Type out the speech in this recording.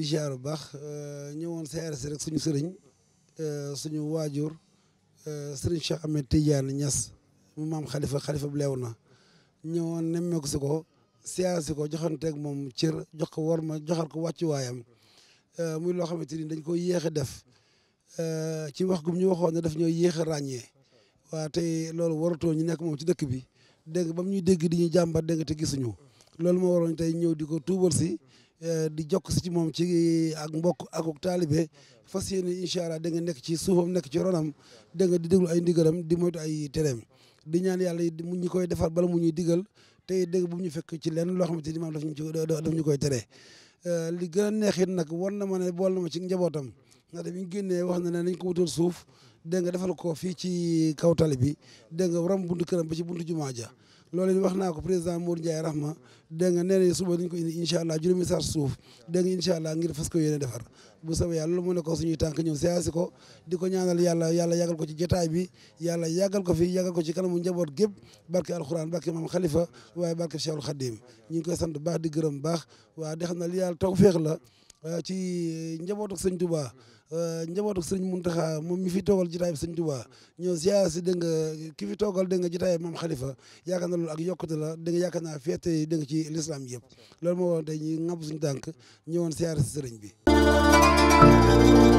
di ziar bu baax euh, ñëwoon CRC rek suñu sëriñ euh, suñu waajur euh, sëriñ Cheikh Ahmed Tidiane ñas mu maam xalifa xalifa bu leew na ñëwoon nemmeeku si ko siyaar si ko joxanteeg moom cër jox ko war ma joxal ko wàccuwaayam muy loo xamante ni dañ ko yéex a def ci wax gum ñu waxoon ne ñoo yéex a ràññee waa tey loolu waratoo ñu nekk moom ci dëkk bi dégg nga ba mu di ñu jàmbat dégg nga te gisuñu loolu moo waroon tey ñëw di ko tuubal si Eh, di jokk si ci moom ci eh, ak mbokk ak taalibe fas yéene incha allah da nga nekk ci suufam nekk ci ronam da nga di déglu ay ndigalam di moytu ay tereem di ñaan yàlla mu ñu koy defar bala mu ñuy digal te dégg bu ñu fekk ci lenn loo xamante ni maam daf ñu daf ñu koy tere eh, li gën a neexit nag war na ma ne bool na ma ci njabootam nga dem ñu génnee wax na ne nañ ko wutal suuf dégg nga defal ko fii ci kaw tali bi dégg nga ram buntu këram ba ci buntu jumaa ja loolu wax naa ko président Mour Ndiaye Rahma dégg nga nee nañ suba dañ ko indi incha allah juróomi sar suuf dégg nga incha allah ngir fas ko yéene defar bu soobee yàlla loolu mu ne ko suñuy tànk ñëw siyaasi ko di ko ñaanal yàlla yàlla yàggal ko ci jotaay bi yàlla yàggal ko fi yàggal ko ci kanamu njaboot gépp barke alxuraan barke maam xalifa waaye barke Cheikhul Khadim ñu ngi koy sant baax di gërëm baax waa di xam ne li yàlla tawfeex la Euh, ci euh, njabootu sëñ Touba mm-hmm. euh, njabootu sëñ Mountakha moom mi fi toogal jotaay bi sëñ Touba mm-hmm. ñëw ziar si dégg nga ki fi toogal dégg nga jotaay bi moom xalifa yaakaar naa loolu ak yokkute la yaakaar naa féete yi dégg nga ci lislaam yëpp loolu moo waral tey ñu ŋàbb suñu tànk mm-hmm. ñëwoon ziar si bi.